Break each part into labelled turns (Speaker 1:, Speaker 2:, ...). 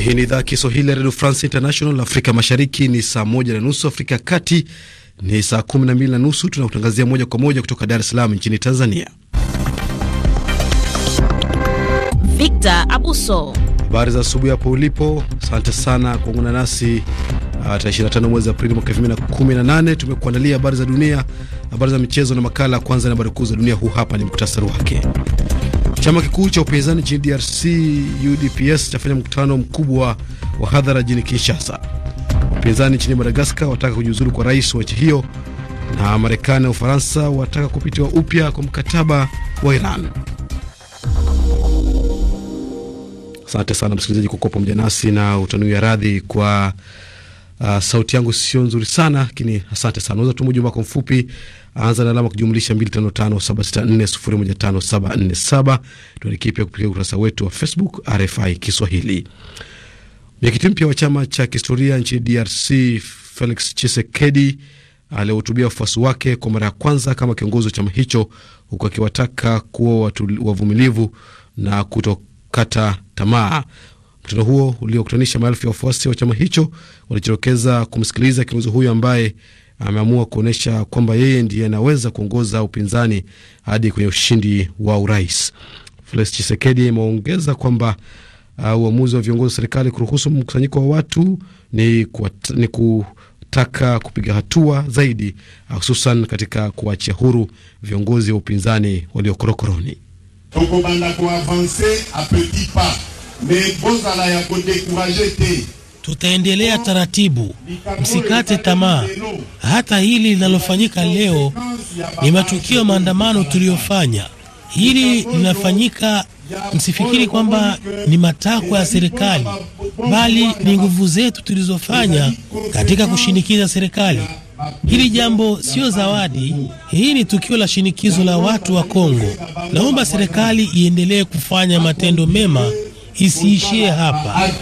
Speaker 1: Hii ni idhaa Kiswahili ya redio France International. Afrika mashariki ni saa moja na nusu, Afrika ya kati ni saa kumi na mbili na nusu. Tunakutangazia moja kwa moja kutoka Dar es Salaam nchini Tanzania.
Speaker 2: Victor Abuso,
Speaker 1: habari za asubuhi hapo ulipo. Asante sana kuungana nasi uh, tarehe 25 mwezi Aprili mwaka 2018. Tumekuandalia habari za dunia, habari za michezo na makala. Kwanza na habari kuu za dunia, huu hapa ni muktasari wake. Chama kikuu cha upinzani nchini DRC UDPS chafanya mkutano mkubwa wa hadhara jini Kinshasa. Upinzani nchini Madagaskar wataka kujiuzulu kwa rais wa nchi hiyo, na Marekani na Ufaransa wataka kupitiwa upya kwa mkataba wa Iran. Asante sana msikilizaji kwa kuwa pamoja nasi na utanuia radhi kwa Uh, sauti yangu sio nzuri sana lakini asante sana. Unaweza tumu ujumbe wako mfupi, anza na alama kujumlisha 255764015747. Tuandikie pia kupitia ukurasa wetu wa Facebook RFI Kiswahili. Mwenyekiti mpya wa chama cha kihistoria nchini DRC Felix Chisekedi alihutubia wafuasi wake kwa mara ya kwanza kama kiongozi wa chama hicho, huku akiwataka kuwa wavumilivu na kutokata tamaa. Mkutano huo uliokutanisha maelfu ya wafuasi wa chama hicho walijitokeza kumsikiliza kiongozi huyo ambaye ameamua kuonyesha kwamba yeye ndiye anaweza kuongoza upinzani hadi kwenye ushindi wa urais. Felix Chisekedi ameongeza kwamba uh, uamuzi wa viongozi wa serikali kuruhusu mkusanyiko wa watu ni, kwa, ni kutaka kupiga hatua zaidi hususan uh, katika kuachia huru viongozi wa upinzani waliokorokoroni.
Speaker 3: Tutaendelea taratibu, msikate tamaa. Hata hili linalofanyika leo ni matukio maandamano tuliyofanya. Hili linafanyika, msifikiri kwamba ni matakwa ya serikali, bali ni nguvu zetu tulizofanya katika kushinikiza serikali. Hili jambo sio zawadi, hii ni tukio la shinikizo la watu wa Kongo. Naomba serikali iendelee kufanya matendo mema isiishie hapa.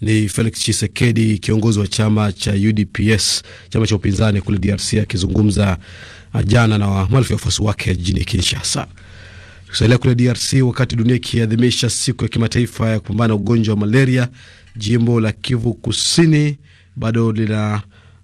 Speaker 1: Ni Felix chisekedi kiongozi wa chama cha UDPS, chama cha upinzani kule DRC, akizungumza ah, jana na maelfu ya wafuasi wake jijini Kinshasa. Tukisalia kule DRC, wakati dunia ikiadhimisha siku ya kimataifa ya kupambana ugonjwa wa malaria, jimbo la Kivu Kusini bado lina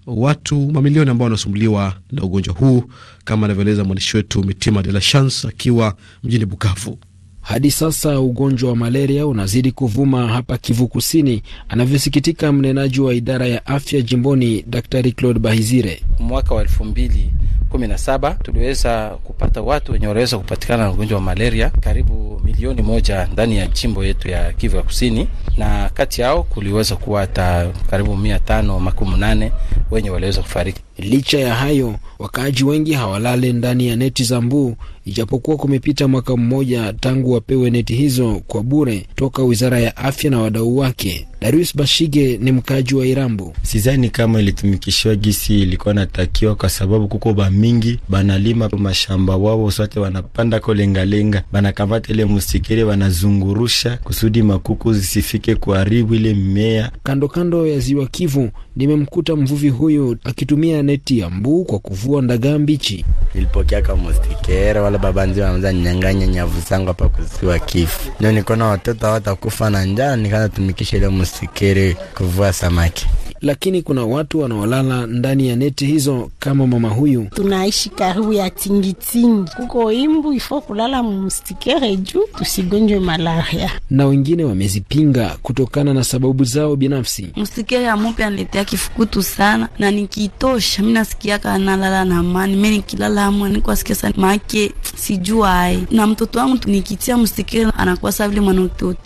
Speaker 1: watu mamilioni ambao wanasumbuliwa na ugonjwa huu, kama anavyoeleza mwandishi wetu Mitima De La Chance akiwa mjini Bukavu. Hadi
Speaker 4: sasa ugonjwa wa malaria unazidi kuvuma hapa Kivu Kusini, anavyosikitika mnenaji wa idara ya afya jimboni, Daktari Claude Bahizire.
Speaker 3: Mwaka wa elfu mbili kumi na saba tuliweza kupata watu wenye waliweza kupatikana na ugonjwa wa malaria karibu milioni moja ndani ya jimbo yetu ya Kivu ya Kusini na kati yao kuliweza kuwa hata karibu mia tano makumi nane wenye waliweza kufariki. Licha ya hayo, wakaaji
Speaker 4: wengi hawalale ndani ya neti za mbu, ijapokuwa kumepita mwaka mmoja tangu wapewe neti hizo kwa bure toka wizara ya afya na wadau wake. Darius Bashige ni mkaaji wa Irambo. sizani kama ilitumikishiwa gisi ilikuwa natakiwa, kwa sababu kuko mingi banalima mashamba wao sote, wanapanda kolengalenga, banakamata ile musikere, wanazungurusha kusudi makuku zisifike itumike kuharibu ile mimea kando kando ya ziwa Kivu. Nimemkuta mvuvi huyu akitumia neti ya mbu kwa kuvua ndagaa
Speaker 2: mbichi. Nilipokea kama
Speaker 3: mustikere wala babanzi wanaanza nyang'anya nyavu zangu hapa kuziwa Kivu, ndio nikona watoto hawatakufa na njaa, nikaanza tumikisha ile mustikere kuvua samaki
Speaker 4: lakini kuna watu wanaolala ndani ya neti hizo kama mama huyu.
Speaker 2: Tunaishi karibu ya tingitingi, kuko imbu ifo kulala mumstikere juu tusigonjwe
Speaker 5: malaria.
Speaker 4: Na wengine wamezipinga kutokana na sababu zao binafsi.
Speaker 5: Mustikere amupe anletea kifukutu sana, na nikitosha mi nasikiaka nalala na amani. Mi nikilala amwe nikwasikia sana make sijua ae na mtoto wangu nikitia mstikere anakuwa sa vile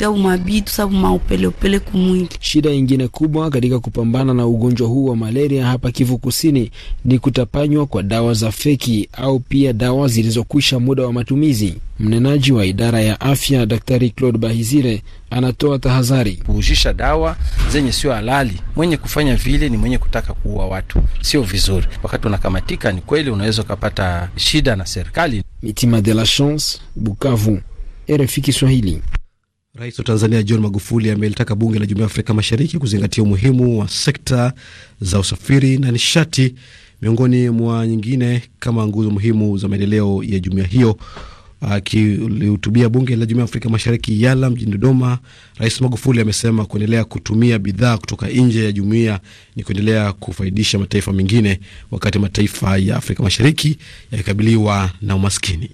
Speaker 5: umabitu sabu maupeleupele kumwili. Shida ingine kubwa
Speaker 4: katika kupambana kupambana na ugonjwa huu wa malaria hapa Kivu Kusini ni kutapanywa kwa dawa za feki au pia dawa zilizokwisha muda wa matumizi. Mnenaji wa idara ya afya Daktari Claude Bahizire anatoa tahadhari: kuuzisha dawa zenye sio halali,
Speaker 3: mwenye kufanya vile ni mwenye kutaka kuua watu, sio vizuri. Wakati unakamatika, ni kweli unaweza ukapata
Speaker 4: shida na serikali. Mitima de la Chance, Bukavu, RFI
Speaker 1: Kiswahili. Rais wa Tanzania John Magufuli amelitaka bunge la Jumuiya ya Afrika Mashariki kuzingatia umuhimu wa sekta za usafiri na nishati miongoni mwa nyingine kama nguzo muhimu za maendeleo ya jumuiya hiyo. Akilihutubia bunge la Jumuiya ya Afrika Mashariki Yala mjini Dodoma, Rais Magufuli amesema kuendelea kutumia bidhaa kutoka nje ya jumuiya ni kuendelea kufaidisha mataifa mengine, wakati mataifa ya Afrika Mashariki yakikabiliwa na umaskini.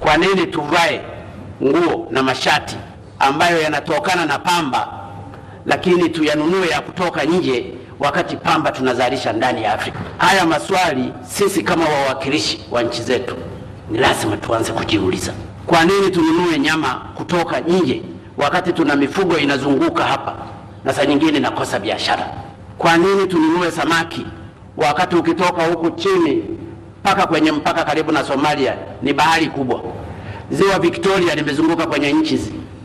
Speaker 2: Kwa nini tuvae nguo na mashati ambayo yanatokana na pamba, lakini tuyanunue ya kutoka nje, wakati pamba tunazalisha ndani ya Afrika. Haya maswali sisi kama wawakilishi wa nchi zetu ni lazima tuanze kujiuliza, kwa nini tununue nyama kutoka nje wakati tuna mifugo inazunguka hapa na saa nyingine nakosa biashara? Kwa nini tununue samaki wakati ukitoka huku chini mpaka kwenye mpaka karibu na Somalia ni bahari kubwa, ziwa Victoria limezunguka kwenye nchi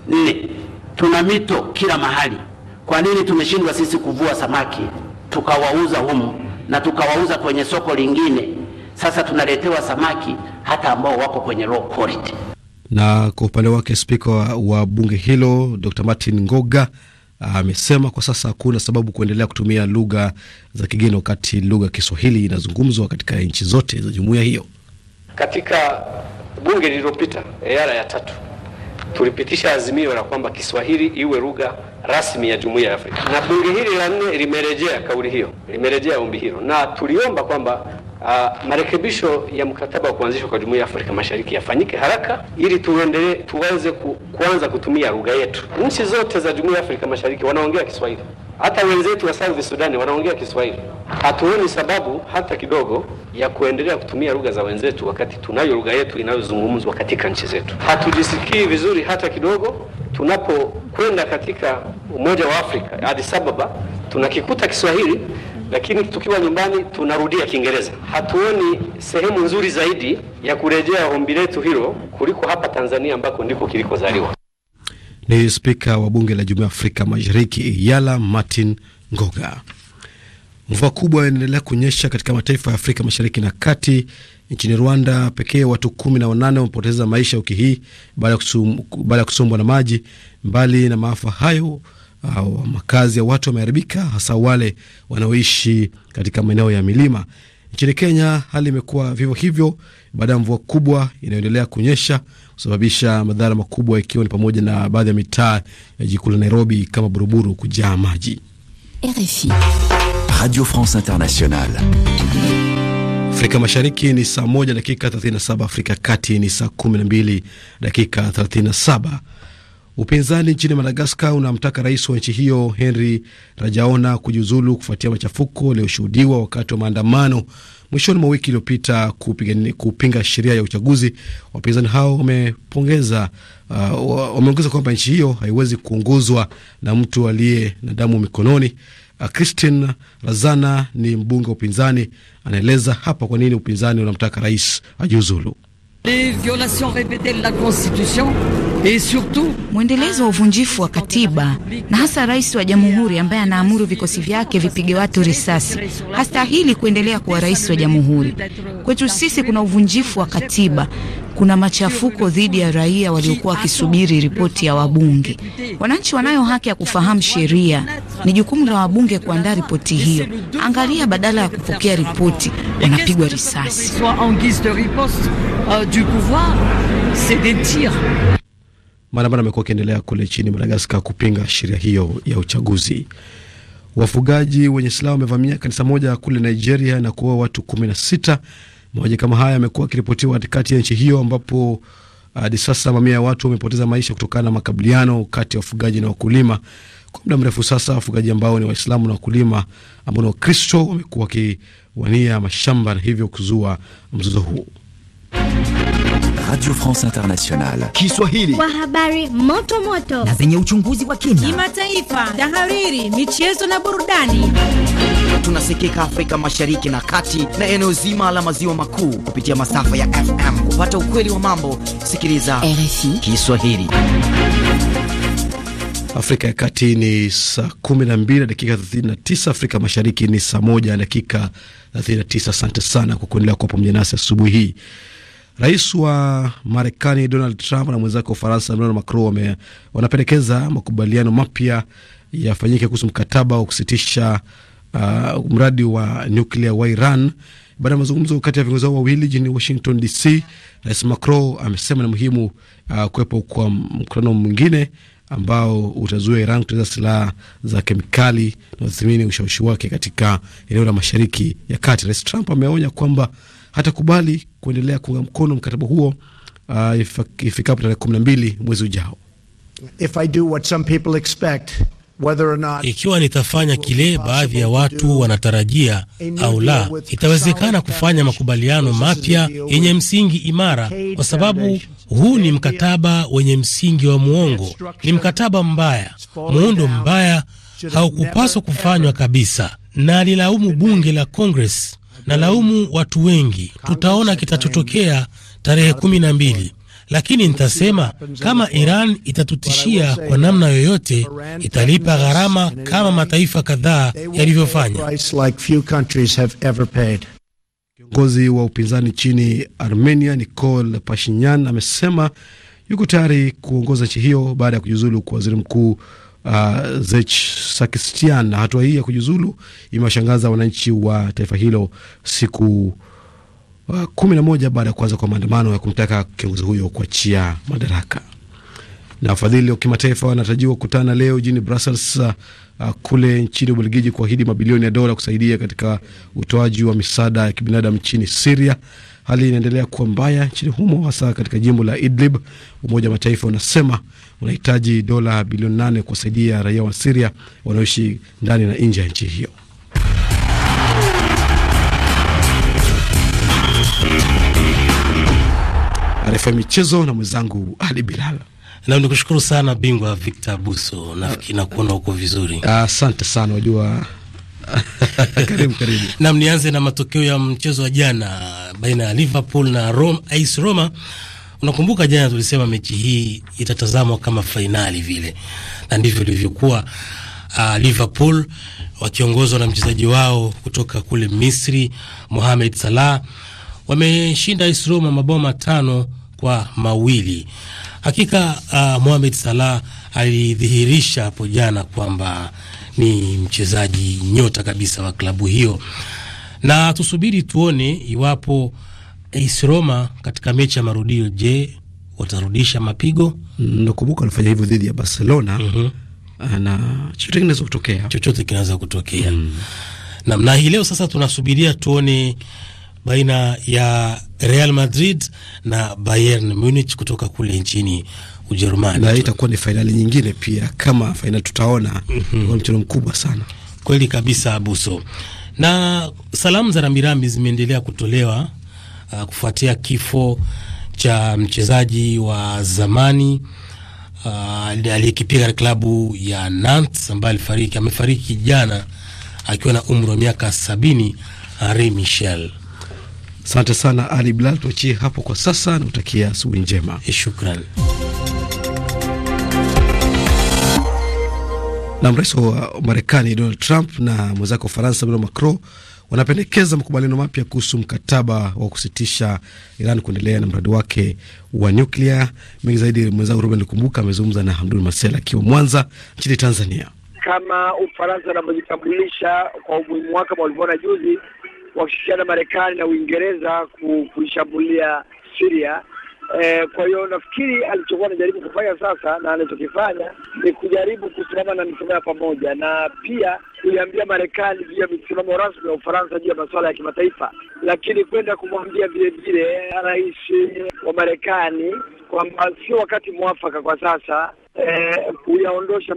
Speaker 2: Nne, tuna mito kila mahali. Kwa nini tumeshindwa sisi kuvua samaki tukawauza humu na tukawauza kwenye soko lingine? Sasa tunaletewa samaki hata ambao wako kwenye low quality.
Speaker 1: Na kwa upande wake spika wa bunge hilo Dr. Martin Ngoga amesema kwa sasa hakuna sababu kuendelea kutumia lugha za kigeni wakati lugha ya Kiswahili inazungumzwa katika nchi zote za jumuiya
Speaker 6: hiyo. Katika bunge lililopita, eara eh, ya tatu
Speaker 1: tulipitisha azimio la kwamba Kiswahili iwe lugha rasmi ya Jumuiya ya Afrika, na bunge hili la nne
Speaker 6: limerejea kauli hiyo, limerejea ombi hilo, na tuliomba kwamba Uh, marekebisho ya mkataba wa kuanzishwa kwa Jumuiya ya Afrika Mashariki yafanyike haraka ili tuendelee tuweze ku,
Speaker 1: kuanza kutumia lugha yetu. Nchi zote za Jumuiya ya Afrika Mashariki wanaongea Kiswahili. Hata wenzetu wa South Sudan wanaongea Kiswahili. Hatuoni sababu hata kidogo ya kuendelea kutumia lugha za wenzetu, wakati tunayo lugha yetu inayozungumzwa katika nchi zetu. Hatujisikii vizuri hata
Speaker 6: kidogo tunapokwenda katika Umoja wa Afrika, Addis Ababa, tunakikuta Kiswahili lakini tukiwa nyumbani tunarudia Kiingereza. Hatuoni sehemu
Speaker 1: nzuri zaidi ya kurejea ombi letu hilo kuliko hapa Tanzania ambako ndiko kilikozaliwa ni spika wa bunge la Jumuiya Afrika Mashariki Yala Martin Ngoga. Mvua kubwa inaendelea kunyesha katika mataifa ya Afrika Mashariki na Kati. Nchini Rwanda pekee watu kumi na wanane wamepoteza maisha wiki hii baada ya kusombwa na maji. Mbali na maafa hayo, makazi ya watu wameharibika, hasa wale wanaoishi katika maeneo ya milima. Nchini Kenya hali imekuwa vivyo hivyo baada ya mvua kubwa inayoendelea kunyesha kusababisha madhara makubwa, ikiwa ni pamoja na baadhi ya mitaa ya jikuu la Nairobi kama Buruburu kujaa maji. RFI, Radio France Internationale. Afrika Mashariki ni saa 1 dakika 37, Afrika Kati ni saa 12 dakika 37. Upinzani nchini Madagaskar unamtaka rais wa nchi hiyo Henry Rajaona kujiuzulu kufuatia machafuko yaliyoshuhudiwa wakati wa maandamano mwishoni mwa wiki iliyopita kupinga sheria ya uchaguzi. Wapinzani hao wamepongeza uh, wameongeza kwamba nchi hiyo haiwezi kuongozwa na mtu aliye na damu mikononi. Uh, Christine Razana ni mbunge wa upinzani, anaeleza hapa kwa nini upinzani unamtaka rais ajiuzulu.
Speaker 6: Les violations répétées de la Constitution et surtout
Speaker 2: mwendelezo wa uvunjifu wa katiba na hasa rais wa jamhuri ambaye anaamuru vikosi vyake vipige watu risasi hastahili kuendelea kuwa rais wa jamhuri. Kwetu sisi kuna uvunjifu wa katiba, kuna machafuko dhidi ya raia waliokuwa wakisubiri ripoti ya wabunge. Wananchi wanayo haki ya kufahamu sheria. Ni jukumu la wabunge kuandaa ripoti hiyo. Angalia, badala ya kupokea ripoti wanapigwa risasi.
Speaker 3: Maandamano
Speaker 1: amekuwa akiendelea kule chini Madagaskar kupinga sheria hiyo ya uchaguzi. Wafugaji wenye silaha wamevamia kanisa moja kule Nigeria na kuua watu kumi na sita. Mauaji kama haya yamekuwa yakiripotiwa katikati ya nchi hiyo ambapo uh, hadi sasa mamia ya watu wamepoteza maisha kutokana na makabiliano kati ya wafugaji na wakulima. Kwa muda mrefu sasa, wafugaji ambao ni Waislamu na wakulima ambao ni Wakristo wamekuwa wakiwania mashamba na hivyo kuzua mzozo huo. Radio France Internationale.
Speaker 7: Kiswahili.
Speaker 5: Kwa habari moto moto na
Speaker 2: zenye uchunguzi wa kina,
Speaker 5: kimataifa, tahariri, michezo na burudani.
Speaker 2: Tunasikika Afrika Mashariki na Kati na eneo zima la maziwa makuu kupitia masafa ya FM. Kupata ukweli wa mambo, sikiliza RFI
Speaker 1: Kiswahili. Afrika ya Kati ni saa 12 na dakika 39, Afrika Mashariki ni saa 1 dakika 39. Asante sana kwa kuendelea kuwa pamoja nasi asubuhi hii. Rais wa Marekani Donald Trump na mwenzake wa Ufaransa Emmanuel Macron wanapendekeza makubaliano mapya yafanyike kuhusu mkataba wa kusitisha uh, mradi wa nyuklia wa Iran. Baada ya mazungumzo kati ya viongozi hao wawili jijini Washington DC, Rais Macron amesema ni muhimu uh, kuwepo kwa mkutano mwingine ambao utazuia Iran kutengeneza silaha za kemikali na utathmini ushawishi wake katika eneo la mashariki ya kati. Rais Trump ameonya kwamba hatakubali kuendelea kuunga mkono mkataba huo uh, ifikapo tarehe mbili mwezi ujao.
Speaker 3: If I do what some people expect, whether or not, ikiwa nitafanya kile baadhi ya watu wanatarajia au la, itawezekana kufanya makubaliano mapya yenye msingi imara, kwa sababu huu ni mkataba wenye msingi wa muongo, ni mkataba mbaya, muundo mbaya, haukupaswa kufanywa kabisa, na alilaumu bunge la Congress na laumu watu wengi. Tutaona kitachotokea tarehe kumi na mbili, lakini nitasema kama Iran itatutishia kwa namna yoyote, italipa gharama kama mataifa kadhaa yalivyofanya.
Speaker 1: Kiongozi wa upinzani nchini Armenia nicol Pashinyan amesema yuko tayari kuongoza nchi hiyo baada ya kujiuzulu kwa waziri mkuu uh, ah, Zechsakistian. Hatua hii ya kujiuzulu imewashangaza wananchi wa taifa hilo siku uh, kumi na moja baada ya kuanza kwa maandamano ya kumtaka kiongozi huyo kuachia madaraka. Na wafadhili wa kimataifa wanatarajiwa kukutana leo jijini Brussels, uh, kule nchini Ubelgiji kuahidi mabilioni ya dola kusaidia katika utoaji wa misaada ya kibinadamu nchini Siria. Hali inaendelea kuwa mbaya nchini humo, hasa katika jimbo la Idlib. Umoja wa Mataifa unasema unahitaji dola bilioni nane kuwasaidia raia wa Siria wanaoishi ndani na nje ya nchi hiyo.
Speaker 3: arefa michezo na mwenzangu Ali Bilal. Nam, nikushukuru sana bingwa Victor Buso, nafikiri nakuona huko vizuri.
Speaker 1: Asante sana, wajua
Speaker 3: karibu, karibu. Nam, nianze na matokeo ya mchezo wa jana baina ya Liverpool na Rome, AS Roma Unakumbuka jana tulisema mechi hii itatazamwa kama fainali vile, na ndivyo ilivyokuwa. Uh, Liverpool wakiongozwa na mchezaji wao kutoka kule Misri Mohamed Salah wameshinda AS Roma mabao matano kwa mawili. Hakika uh, Mohamed Salah alidhihirisha hapo jana kwamba ni mchezaji nyota kabisa wa klabu hiyo, na tusubiri tuone iwapo AS Roma katika mechi ya marudio, je, watarudisha mapigo? Nakumbuka walifanya hivyo dhidi ya Barcelona mm -hmm. Na chochote kinaweza kutokea, chochote kinaweza kutokea mm. Namna hii leo sasa tunasubiria tuone baina ya Real Madrid na Bayern Munich kutoka kule nchini Ujerumani, na itakuwa ni fainali nyingine pia, kama fainali tutaona mm -hmm. mkubwa sana kweli kabisa, Abuso, na salamu za rambirambi zimeendelea kutolewa uh, kufuatia kifo cha mchezaji wa zamani uh, aliyekipiga katika klabu ya Nantes ambaye alifariki amefariki jana akiwa na umri wa miaka sabini, Henri uh, Michel. Asante sana Ali Blal, tuachie hapo kwa sasa, nakutakia asubuhi njema. Eh, Shukrani.
Speaker 1: Nam, rais wa Marekani Donald Trump na mwenzake wa faransa Emmanuel Macron wanapendekeza makubaliano mapya kuhusu mkataba wa kusitisha Iran kuendelea na mradi wake wa nyuklia. Mengi zaidi mwenzangu Ruben Likumbuka amezungumza na Hamdun Masel akiwa Mwanza nchini Tanzania.
Speaker 6: Kama Ufaransa wanavyojitambulisha kwa umuhimu wake ambao walivyoona juzi wakishirikiana Marekani na Uingereza kuishambulia siria E, kwa hiyo nafikiri alichokuwa anajaribu kufanya sasa na anachokifanya ni kujaribu kusimama na misimamo ya pamoja na pia kuiambia Marekani juu ya misimamo rasmi ya Ufaransa juu ya masuala ya kimataifa, lakini kwenda kumwambia vile vile eh, rais eh, wa Marekani kwamba sio wakati mwafaka kwa sasa Eh,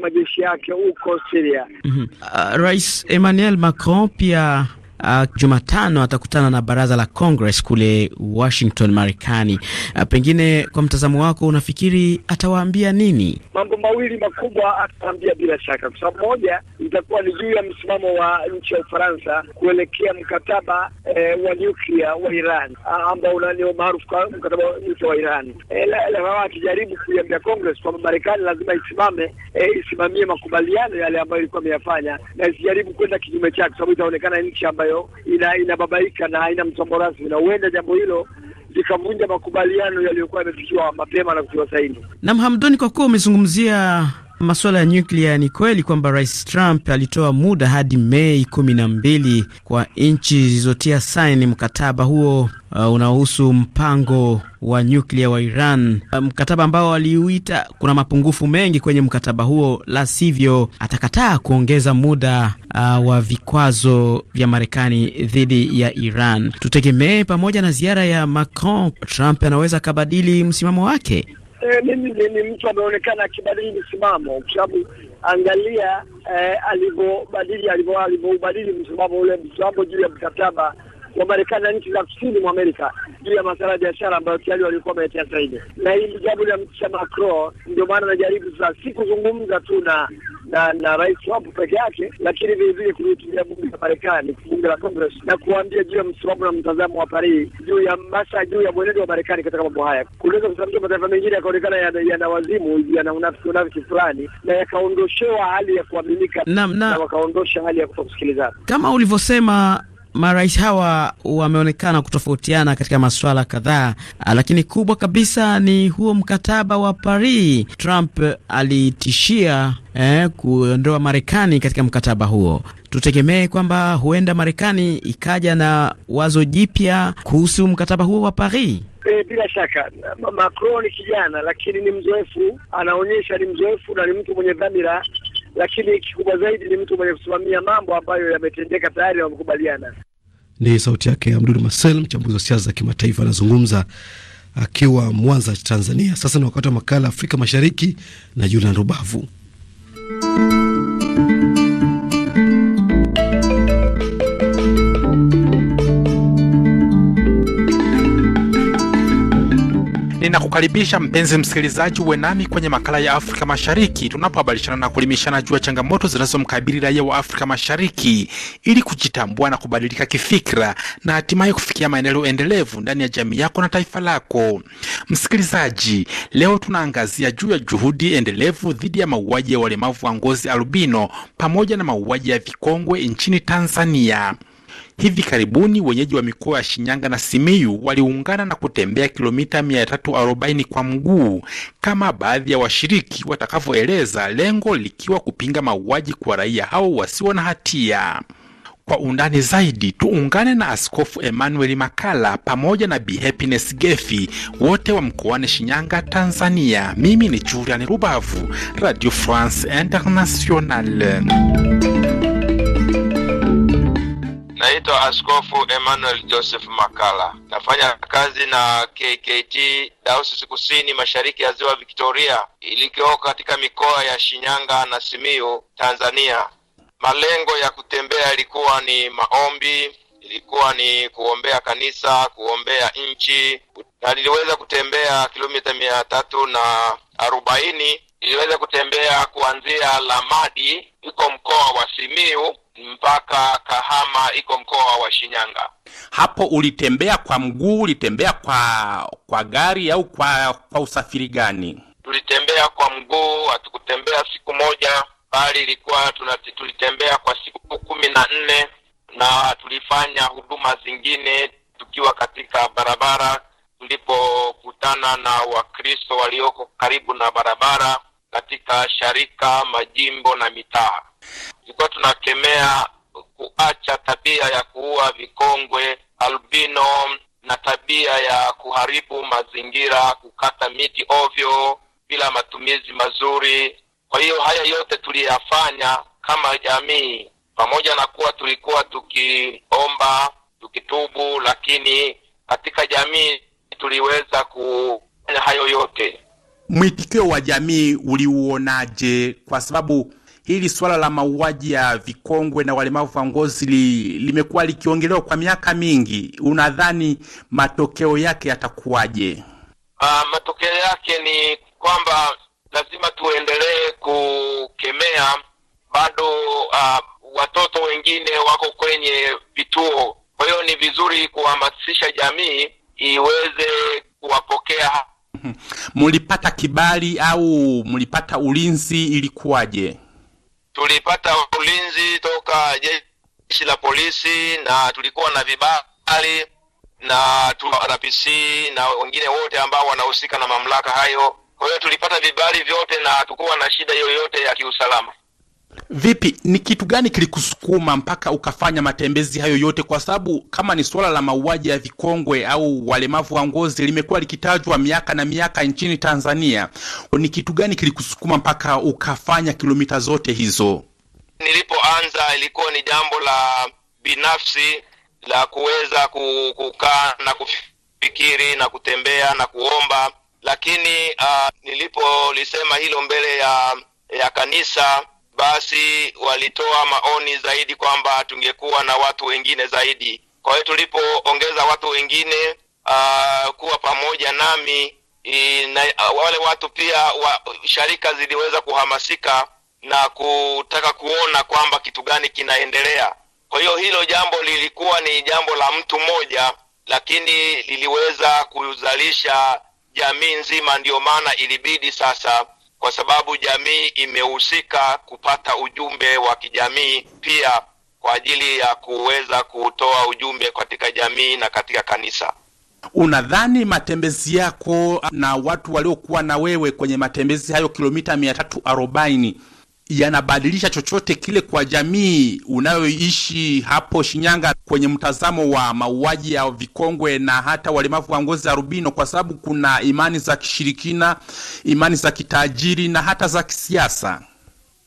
Speaker 6: majeshi yake huko Syria.
Speaker 2: Mm -hmm. Uh, Rais Emmanuel Macron pia uh, Jumatano atakutana na baraza la Congress kule Washington, Marekani. Uh, pengine kwa mtazamo wako unafikiri atawaambia nini?
Speaker 6: Mambo mawili makubwa atawaambia bila shaka, kwa sababu moja itakuwa ni juu ya msimamo wa nchi ya Ufaransa kuelekea mkataba eh, wa nyuklia wa Iran ah, ambao unani maarufu kwa mkataba wa nyuklia wa Iran. Eh, akijaribu kuiambia Congress kwamba Marekani lazima isimame, e, isimamie makubaliano yale ambayo ilikuwa imeyafanya na isijaribu kwenda kinyume chake, kwa sababu itaonekana nchi ambayo ambayo inababaika na haina mtambo rasmi, na huenda jambo hilo likavunja makubaliano yaliyokuwa yamefikiwa mapema na kutiwa saini.
Speaker 2: Na Hamdoni, kwa kuwa umezungumzia masuala ya nyuklia, ni kweli kwamba Rais Trump alitoa muda hadi Mei kumi na mbili kwa nchi zilizotia saini mkataba huo uh, unaohusu mpango wa nyuklia wa Iran, uh, mkataba ambao aliuita kuna mapungufu mengi kwenye mkataba huo, la sivyo atakataa kuongeza muda uh, wa vikwazo vya Marekani dhidi ya Iran. Tutegemee pamoja na ziara ya Macron, Trump anaweza akabadili msimamo wake
Speaker 6: eh, mimi ni mtu ameonekana akibadili msimamo, kwa sababu angalia eh, alivyobadili alivyoubadili msimamo ule msimamo juu ya mkataba wa Marekani na nchi za kusini mwa Amerika juu ya masuala ya biashara ambayo tayari walikuwa wametia saini, na hili jambo linamtisha Macron. Ndio maana anajaribu sasa si kuzungumza tu na na na rais wapo peke yake, lakini vile vile bunge la Marekani, bunge la Congress, na kuambia juu ya msimamo na mtazamo wa Paris juu ya masa juu ya mwenendo wa Marekani katika mambo haya, kunaweza kusababisha mataifa mengine yakaonekana yana wazimu, yana unafiki unafiki fulani, na yakaondoshewa hali ya kuaminika na, na, na wakaondosha hali ya kutokusikilizana
Speaker 2: kama ulivyosema. Marais hawa wameonekana kutofautiana katika masuala kadhaa, lakini kubwa kabisa ni huo mkataba wa Paris. Trump alitishia eh, kuondoa Marekani katika mkataba huo. Tutegemee kwamba huenda Marekani ikaja na wazo jipya kuhusu mkataba huo wa Paris.
Speaker 6: E, bila shaka Macron ni kijana, lakini ni mzoefu, anaonyesha ni mzoefu na ni mtu mwenye dhamira lakini kikubwa zaidi ni mtu mwenye kusimamia mambo ambayo yametendeka tayari, wamekubaliana.
Speaker 1: Ni sauti yake Abdul Masel, mchambuzi wa siasa za kimataifa, anazungumza akiwa Mwanza, Tanzania. Sasa ni wakati wa makala Afrika Mashariki na Julian Rubavu.
Speaker 7: Ninakukaribisha mpenzi msikilizaji, uwe nami kwenye makala ya Afrika Mashariki tunapohabarishana na kuelimishana juu ya changamoto zinazomkabili raia wa Afrika Mashariki ili kujitambua na kubadilika kifikra na hatimaye kufikia maendeleo endelevu ndani ya jamii yako na taifa lako. Msikilizaji, leo tunaangazia juu ya juhudi endelevu dhidi ya mauaji ya walemavu wa ngozi albino pamoja na mauaji ya vikongwe nchini Tanzania. Hivi karibuni wenyeji wa mikoa ya Shinyanga na Simiyu waliungana na kutembea kilomita 340 kwa mguu, kama baadhi ya washiriki watakavyoeleza, lengo likiwa kupinga mauaji kwa raia hao wasio na hatia. Kwa undani zaidi tuungane na Askofu Emmanuel Makala pamoja na Bi Happiness Gefi, wote wa mkoani Shinyanga, Tanzania. Mimi ni Julian Rubavu, Radio France Internationale. Naitwa Askofu Emmanuel Joseph
Speaker 8: Makala, nafanya kazi na KKT Dayosisi Kusini Mashariki ya Ziwa Victoria ilikiwako katika mikoa ya Shinyanga na simiu Tanzania. Malengo ya kutembea yalikuwa ni maombi, ilikuwa ni kuombea kanisa, kuombea nchi, na niliweza kutembea kilomita mia tatu na arobaini. iliweza kutembea kuanzia Lamadi iko mkoa wa Simiu mpaka Kahama iko mkoa wa Shinyanga.
Speaker 7: Hapo ulitembea kwa mguu, ulitembea kwa kwa gari au kwa kwa usafiri gani?
Speaker 8: Tulitembea kwa mguu, hatukutembea siku moja, bali ilikuwa tulitembea kwa siku kumi na nne na tulifanya huduma zingine tukiwa katika barabara tulipokutana na Wakristo walioko karibu na barabara katika sharika, majimbo na mitaa. Tulikuwa tunakemea kuacha tabia ya kuua vikongwe albino na tabia ya kuharibu mazingira, kukata miti ovyo bila matumizi mazuri. Kwa hiyo haya yote tuliyafanya kama jamii, pamoja na kuwa tulikuwa tukiomba, tukitubu, lakini katika jamii tuliweza kufanya hayo yote
Speaker 7: mwitikio wa jamii uliuonaje? Kwa sababu hili suala la mauaji ya vikongwe na walemavu wa ngozi li, limekuwa likiongelewa kwa miaka mingi. Unadhani matokeo yake yatakuwaje?
Speaker 8: Uh, matokeo yake ni kwamba lazima tuendelee kukemea bado. Uh, watoto wengine wako kwenye vituo, kwa hiyo ni vizuri kuhamasisha jamii iweze kuwapokea
Speaker 7: mlipata kibali au mlipata ulinzi ilikuwaje?
Speaker 8: Tulipata ulinzi toka jeshi la polisi na tulikuwa na vibali na RPC na wengine wote ambao wanahusika na mamlaka hayo. Kwa hiyo tulipata vibali vyote na hatukuwa na shida yoyote ya kiusalama.
Speaker 7: Vipi, ni kitu gani kilikusukuma mpaka ukafanya matembezi hayo yote? Kwa sababu kama ni suala la mauaji ya vikongwe au walemavu wa ngozi limekuwa likitajwa miaka na miaka nchini Tanzania, ni kitu gani kilikusukuma mpaka ukafanya kilomita zote hizo?
Speaker 8: Nilipoanza ilikuwa ni jambo la binafsi la kuweza kukaa na kufikiri na kutembea na kuomba, lakini uh, nilipolisema hilo mbele ya ya kanisa basi walitoa maoni zaidi kwamba tungekuwa na watu wengine zaidi kwa hiyo tulipoongeza watu wengine uh, kuwa pamoja nami i, na, ah, wale watu pia wa, sharika ziliweza kuhamasika na kutaka kuona kwamba kitu gani kinaendelea kwa hiyo hilo jambo lilikuwa ni jambo la mtu mmoja lakini liliweza kuzalisha jamii nzima ndiyo maana ilibidi sasa kwa sababu jamii imehusika kupata ujumbe wa kijamii pia kwa ajili ya kuweza kutoa ujumbe katika jamii na katika kanisa.
Speaker 7: Unadhani matembezi yako na watu waliokuwa na wewe kwenye matembezi hayo kilomita mia tatu arobaini yanabadilisha chochote kile kwa jamii unayoishi hapo Shinyanga, kwenye mtazamo wa mauaji ya vikongwe na hata walemavu wa ngozi ya rubino, kwa sababu kuna imani za kishirikina, imani za kitajiri na hata za kisiasa.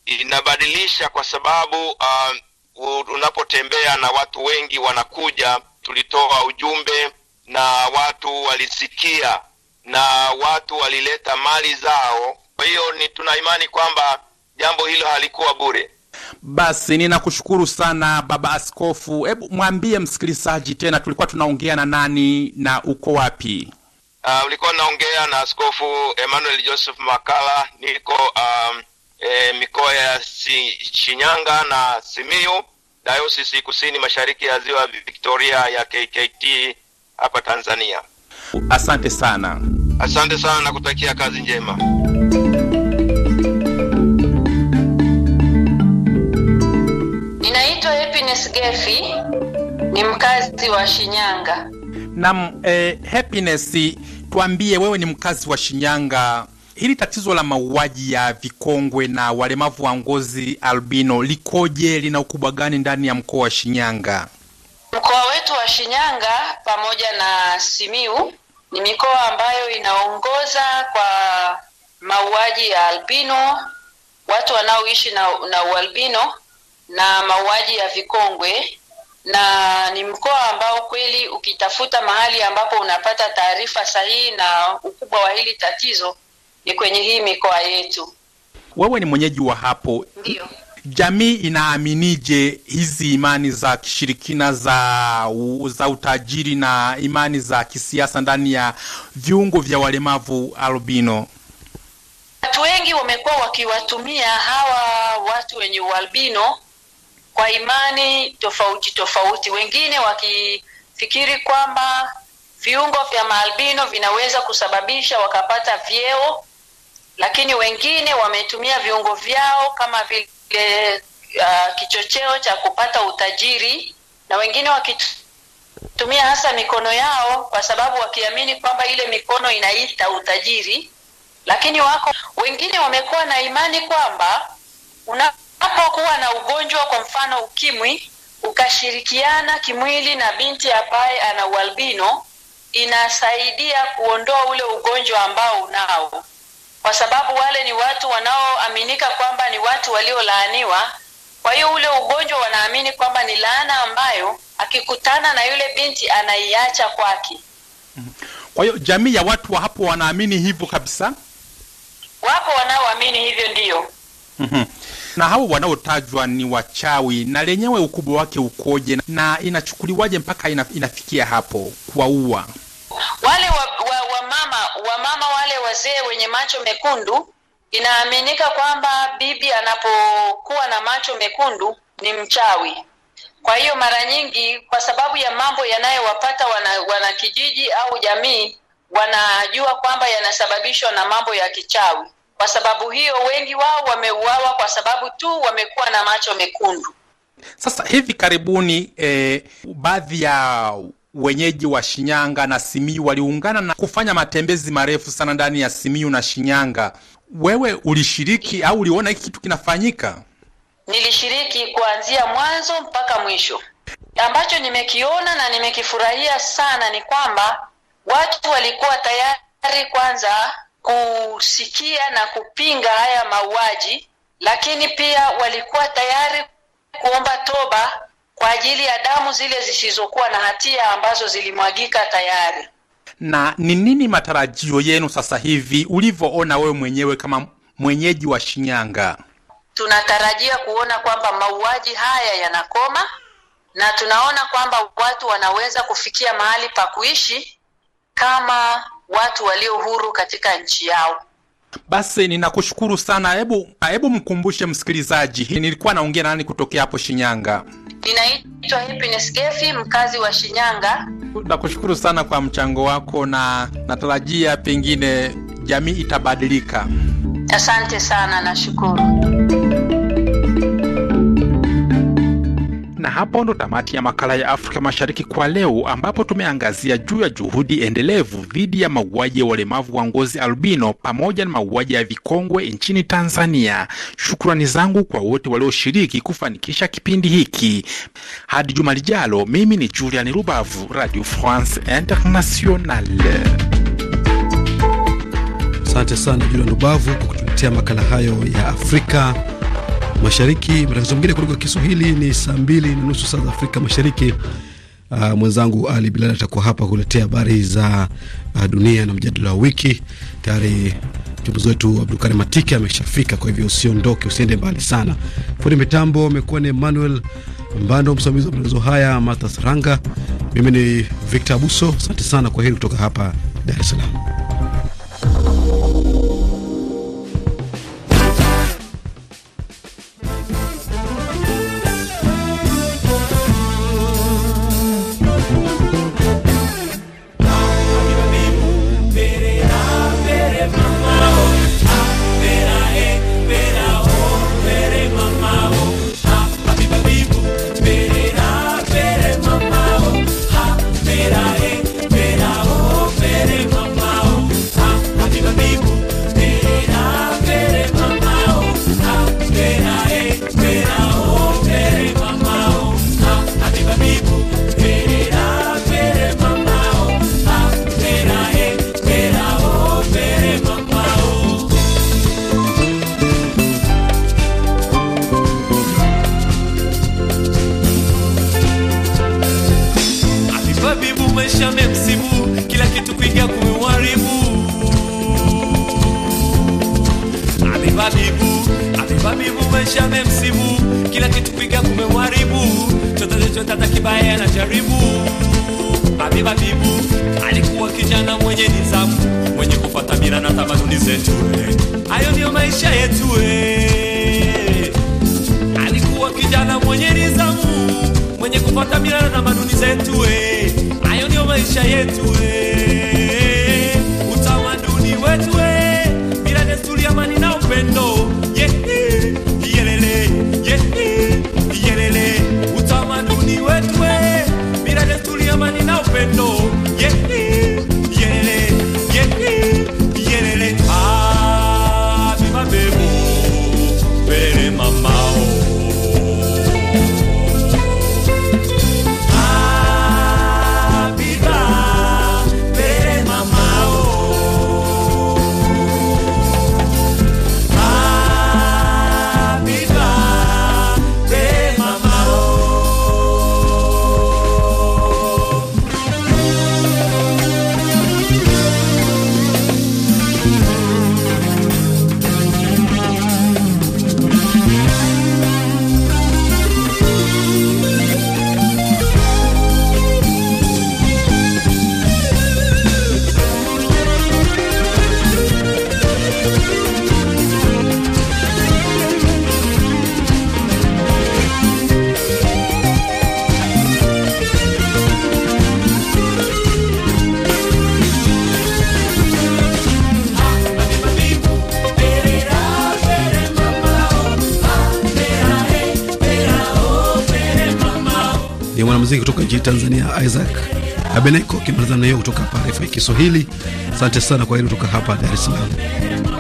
Speaker 8: Inabadilisha kwa sababu uh, unapotembea na watu wengi wanakuja, tulitoa ujumbe na watu walisikia na watu walileta mali zao. Kwa hiyo ni tuna imani kwamba jambo hilo halikuwa bure.
Speaker 7: Basi ninakushukuru sana baba askofu. Hebu mwambie msikilizaji tena, tulikuwa tunaongea na nani na uko wapi?
Speaker 8: Uh, ulikuwa unaongea na askofu Emmanuel Joseph Makala. Niko um, e, mikoa ya si, Shinyanga na Simiyu, dayosisi kusini mashariki ya ziwa Victoria ya KKT hapa Tanzania. Asante sana, asante sana, nakutakia kazi njema.
Speaker 5: Ninaitwa Happiness Gefi, ni mkazi wa Shinyanga.
Speaker 7: Naam, eh, Happiness, tuambie wewe ni mkazi wa Shinyanga, hili tatizo la mauaji ya vikongwe na walemavu wa ngozi albino likoje? Lina ukubwa gani ndani ya mkoa wa Shinyanga?
Speaker 5: Mkoa wetu wa Shinyanga pamoja na Simiu ni mikoa ambayo inaongoza kwa mauaji ya albino, watu wanaoishi na, na ualbino na mauaji ya vikongwe na ni mkoa ambao kweli ukitafuta mahali ambapo unapata taarifa sahihi na ukubwa wa hili tatizo ni kwenye hii mikoa yetu.
Speaker 7: Wewe ni mwenyeji wa hapo, ndiyo? Jamii inaaminije hizi imani za kishirikina za, za utajiri na imani za kisiasa ndani ya viungo vya walemavu albino?
Speaker 5: Watu wengi wamekuwa wakiwatumia hawa watu wenye ualbino kwa imani tofauti tofauti, wengine wakifikiri kwamba viungo vya maalbino vinaweza kusababisha wakapata vyeo, lakini wengine wametumia viungo vyao kama vile uh, kichocheo cha kupata utajiri, na wengine wakitumia hasa mikono yao kwa sababu wakiamini kwamba ile mikono inaita utajiri. Lakini wako wengine wamekuwa na imani kwamba una unapokuwa na ugonjwa kwa mfano ukimwi ukashirikiana kimwili na binti ambaye ana ualbino inasaidia kuondoa ule ugonjwa ambao unao kwa sababu wale ni watu wanaoaminika kwamba ni watu waliolaaniwa kwa hiyo ule ugonjwa wanaamini kwamba ni laana ambayo akikutana na yule binti anaiacha kwake
Speaker 7: kwa hiyo jamii ya watu wa hapo wanaamini hivyo kabisa
Speaker 5: wapo wanaoamini hivyo ndiyo
Speaker 7: mhm na hao wanaotajwa ni wachawi, na lenyewe ukubwa wake ukoje na inachukuliwaje mpaka ina, inafikia hapo kuwaua
Speaker 5: wale wa, wa, wa mama wa mama wale wazee wenye macho mekundu? Inaaminika kwamba bibi anapokuwa na macho mekundu ni mchawi. Kwa hiyo mara nyingi, kwa sababu ya mambo yanayowapata wana, kijiji au jamii, wanajua kwamba yanasababishwa na mambo ya kichawi. Kwa sababu hiyo wengi wao wameuawa kwa sababu tu wamekuwa na macho mekundu. Sasa
Speaker 7: hivi karibuni eh, baadhi ya wenyeji wa Shinyanga na Simiyu waliungana na kufanya matembezi marefu sana ndani ya Simiyu na Shinyanga. Wewe ulishiriki au uliona hiki kitu kinafanyika?
Speaker 5: Nilishiriki kuanzia mwanzo mpaka mwisho. Ambacho nimekiona na nimekifurahia sana ni kwamba watu walikuwa tayari kwanza kusikia na kupinga haya mauaji, lakini pia walikuwa tayari kuomba toba kwa ajili ya damu zile zisizokuwa na hatia ambazo zilimwagika tayari. Na
Speaker 7: ni nini matarajio yenu sasa hivi ulivyoona wewe mwenyewe kama mwenyeji wa Shinyanga?
Speaker 5: Tunatarajia kuona kwamba mauaji haya yanakoma na tunaona kwamba watu wanaweza kufikia mahali pa kuishi kama watu walio huru katika nchi yao.
Speaker 7: Basi ninakushukuru sana. Hebu hebu mkumbushe msikilizaji, nilikuwa naongea nani kutokea hapo Shinyanga?
Speaker 5: Ninaitwa Happiness Gefi, mkazi wa Shinyanga.
Speaker 7: Nakushukuru sana kwa mchango wako na natarajia pengine jamii itabadilika.
Speaker 5: Asante sana, nashukuru. Na hapo ndo
Speaker 7: tamati ya makala ya Afrika Mashariki kwa leo, ambapo tumeangazia juu ya juhudi endelevu dhidi ya mauaji ya walemavu wa ngozi albino pamoja na mauaji ya vikongwe nchini Tanzania. Shukrani zangu kwa wote walioshiriki kufanikisha kipindi hiki. Hadi juma lijalo, mimi ni Julian Rubavu, Radio France Internationale.
Speaker 1: Asante sana Julian Rubavu kwa kutuletea makala hayo ya Afrika Mashariki. Matangazo mengine kwa lugha ya Kiswahili ni saa mbili na nusu saa za Afrika Mashariki. Uh, mwenzangu Ali Bilal atakuwa hapa kuletea habari za uh, dunia na mjadala wa wiki. Tayari mchambuzi wetu Abdulkari Matike ameshafika, kwa hivyo usiondoke, usiende mbali sana. Fundi mitambo amekuwa ni Emmanuel Mbando, msimamizi wa matangazo haya Martha Saranga, mimi ni Victor Abuso. Asante sana, kwa heri kutoka hapa Dar es Salaam.
Speaker 6: tunaambiana na maduni zetu, eh. hayo ndio maisha yetu.
Speaker 1: Isaac Abeneko kimalizana nayo kutoka hapa RFI Kiswahili. Asante sana, kwa hili kutoka hapa Dar es Salaam.